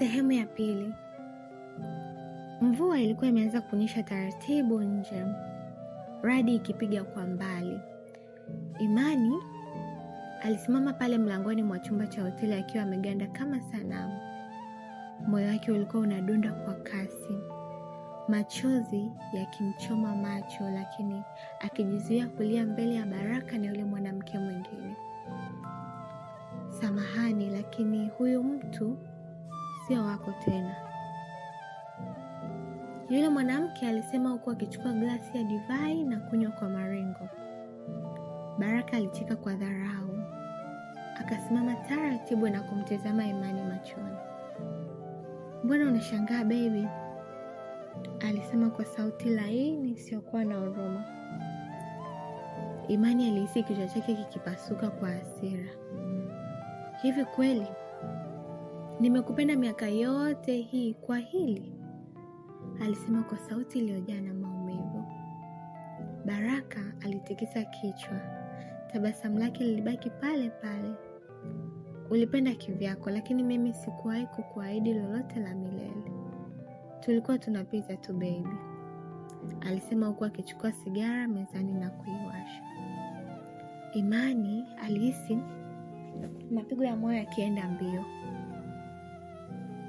Sehemu ya pili. Mvua ilikuwa imeanza kunyesha taratibu nje, radi ikipiga kwa mbali. Imani alisimama pale mlangoni mwa chumba cha hoteli akiwa ameganda kama sanamu. Moyo wake ulikuwa unadunda kwa kasi, machozi yakimchoma macho, lakini akijizuia kulia mbele ya Baraka na yule mwanamke mwingine. Samahani, lakini huyu mtu sio wako tena. Yule mwanamke alisema huku akichukua glasi ya divai na kunywa kwa marengo. Baraka alicheka kwa dharau, akasimama taratibu na kumtazama Imani machoni. Mbona unashangaa baby? alisema kwa sauti laini isiyokuwa na huruma. Imani alihisi kichwa chake kikipasuka kwa hasira. Hivi kweli Nimekupenda miaka yote hii kwa hili, alisema kwa sauti iliyojaa na maumivu. Baraka alitikisa kichwa, tabasamu lake lilibaki pale pale. Ulipenda kivyako, lakini mimi sikuwahi kukuahidi lolote la milele. Tulikuwa tunapita tu bebi alisema huku akichukua sigara mezani na kuiwasha. Imani alihisi mapigo ya moyo yakienda mbio.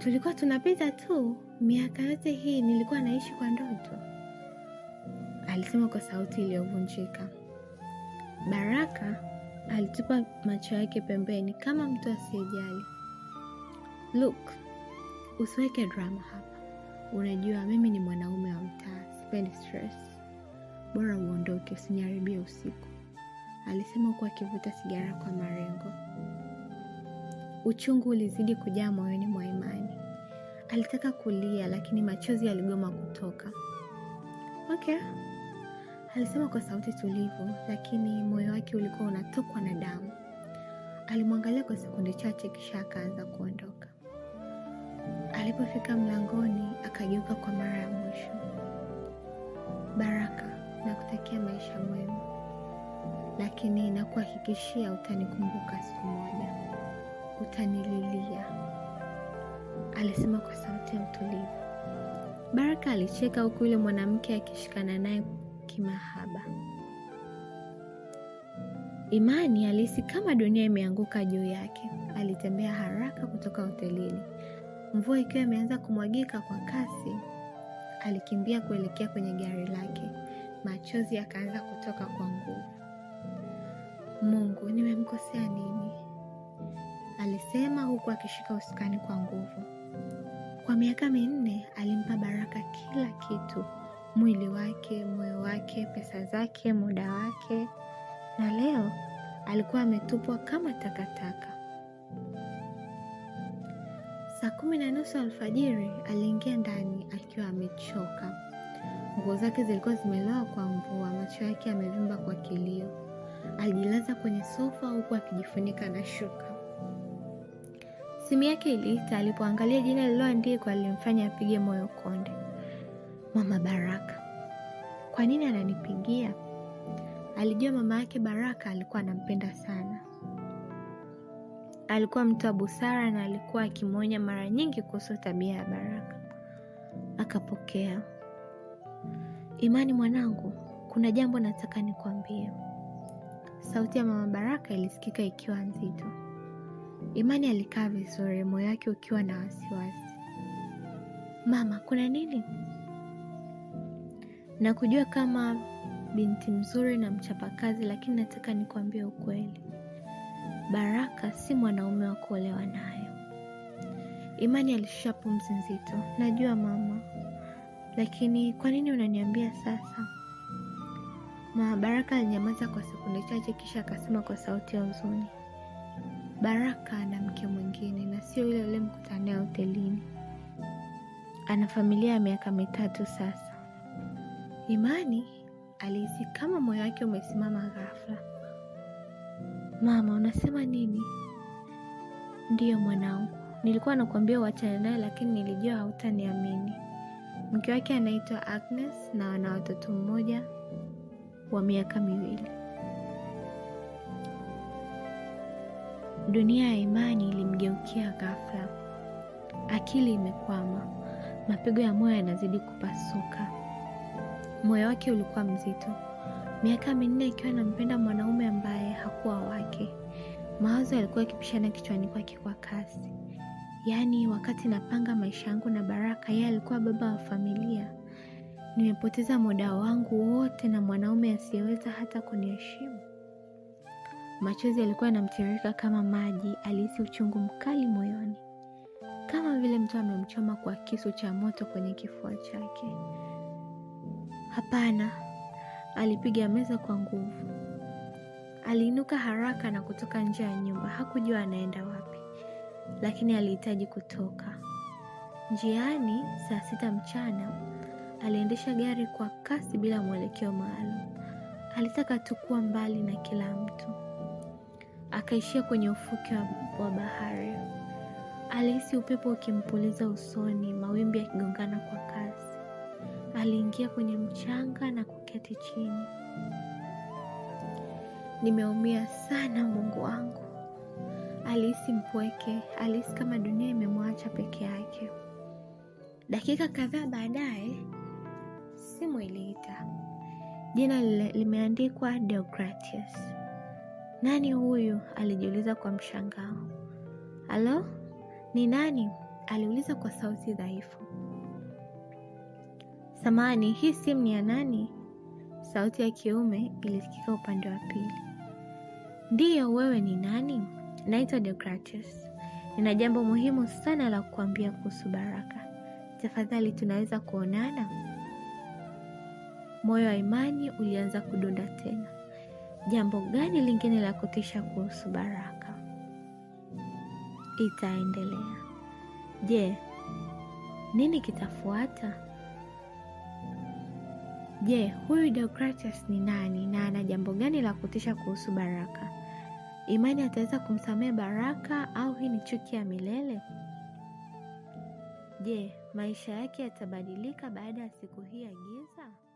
Tulikuwa tunapita tu, miaka yote hii nilikuwa naishi kwa ndoto, alisema kwa sauti iliyovunjika. Baraka alitupa macho yake pembeni kama mtu asiyejali. Look, usiweke drama hapa. Unajua mimi ni mwanaume wa mtaa, sipendi stress. Bora uondoke, usiniharibie usiku, alisema huku akivuta sigara kwa marengo. Uchungu ulizidi kujaa moyoni mwa Imani. Alitaka kulia lakini machozi yaligoma kutoka. Okay, alisema kwa sauti tulivu, lakini moyo wake ulikuwa unatokwa na damu. Alimwangalia kwa sekunde chache, kisha akaanza kuondoka. Alipofika mlangoni, akageuka kwa mara ya mwisho. Baraka, na kutakia maisha mwema lakini nakuhakikishia utanikumbuka siku moja, utanililia alisema kwa sauti ya utulivu. Baraka alicheka huku yule mwanamke akishikana naye kimahaba. Imani alihisi kama dunia imeanguka juu yake. Alitembea haraka kutoka hotelini, mvua ikiwa imeanza kumwagika kwa kasi. Alikimbia kuelekea kwenye gari lake, machozi yakaanza kutoka kwa nguvu. Mungu, nimemkosea nini? alisema huku akishika usukani kwa nguvu. Kwa miaka minne alimpa Baraka kila kitu: mwili wake, moyo wake, pesa zake, muda wake, na leo alikuwa ametupwa kama takataka. Saa kumi na nusu alfajiri aliingia ndani akiwa amechoka. Nguo zake zilikuwa zimelowa kwa mvua, macho yake yamevimba kwa kilio. Alijilaza kwenye sofa huku akijifunika na shuka. Simu yake iliita. Alipoangalia jina lililoandikwa lilimfanya apige moyo konde. Mama Baraka, kwa nini ananipigia? Alijua mama yake Baraka alikuwa anampenda sana. Alikuwa mtu wa busara na alikuwa akimwonya mara nyingi kuhusu tabia ya Baraka. Akapokea. Imani mwanangu, kuna jambo nataka nikwambie. Sauti ya mama Baraka ilisikika ikiwa nzito. Imani alikaa vizuri, moyo wake ukiwa na wasiwasi. Mama, kuna nini? Nakujua kama binti mzuri na mchapakazi, lakini nataka nikwambie ukweli. Baraka si mwanaume wa kuolewa nayo. Imani alishusha pumzi nzito. Najua mama, lakini kwa nini unaniambia sasa? mabaraka Baraka alinyamaza kwa sekunde chache, kisha akasema kwa sauti ya huzuni, Baraka na mke mwingine na sio yule yule mkutania hotelini. Ana familia ya miaka mitatu sasa. Imani alihisi kama moyo wake umesimama ghafla. Mama, unasema nini? Ndiyo mwanangu, nilikuwa nakuambia uachane naye, lakini nilijua hautaniamini. Mke wake anaitwa Agnes na wana watoto mmoja wa miaka miwili. Dunia ya imani ilimgeukia ghafla. Akili imekwama, mapigo ya moyo yanazidi kupasuka. Moyo wake ulikuwa mzito, miaka minne ikiwa anampenda mwanaume ambaye hakuwa wake. Mawazo yalikuwa yakipishana kichwani kwake kwa kasi. Yaani, wakati napanga maisha yangu na Baraka, yeye alikuwa baba wa familia. Nimepoteza muda wangu wote na mwanaume asiyeweza hata kuniheshimu. Machozi yalikuwa yanamtiririka kama maji, alihisi uchungu mkali moyoni, kama vile mtu amemchoma kwa kisu cha moto kwenye kifua chake. Hapana, alipiga meza kwa nguvu. Aliinuka haraka na kutoka nje ya nyumba. Hakujua anaenda wapi, lakini alihitaji kutoka. Njiani, saa sita mchana, aliendesha gari kwa kasi bila mwelekeo maalum. Alitaka tu kuwa mbali na kila mtu akaishia kwenye ufuke wa bahari. Alihisi upepo ukimpuliza usoni, mawimbi yakigongana kwa kasi. Aliingia kwenye mchanga na kuketi chini. Nimeumia sana, Mungu wangu, alihisi mpweke. Alihisi kama dunia imemwacha peke yake. Dakika kadhaa baadaye, simu iliita. Jina limeandikwa Deogratius. Nani huyu? alijiuliza kwa mshangao. Halo, ni nani? aliuliza kwa sauti dhaifu. Samani, hii simu ni ya nani? Sauti ya kiume ilisikika upande wa pili. Ndiyo, wewe ni nani? Naitwa Deogratius, nina jambo muhimu sana la kukuambia kuhusu Baraka. Tafadhali, tunaweza kuonana? Moyo wa imani ulianza kudunda tena. Jambo gani lingine la kutisha kuhusu Baraka? Itaendelea. Je, nini kitafuata? Je, huyu Deogratias ni nani na ana jambo gani la kutisha kuhusu Baraka? Imani ataweza kumsamea Baraka au hii ni chuki ya milele? Je, maisha yake yatabadilika baada ya siku hii ya giza?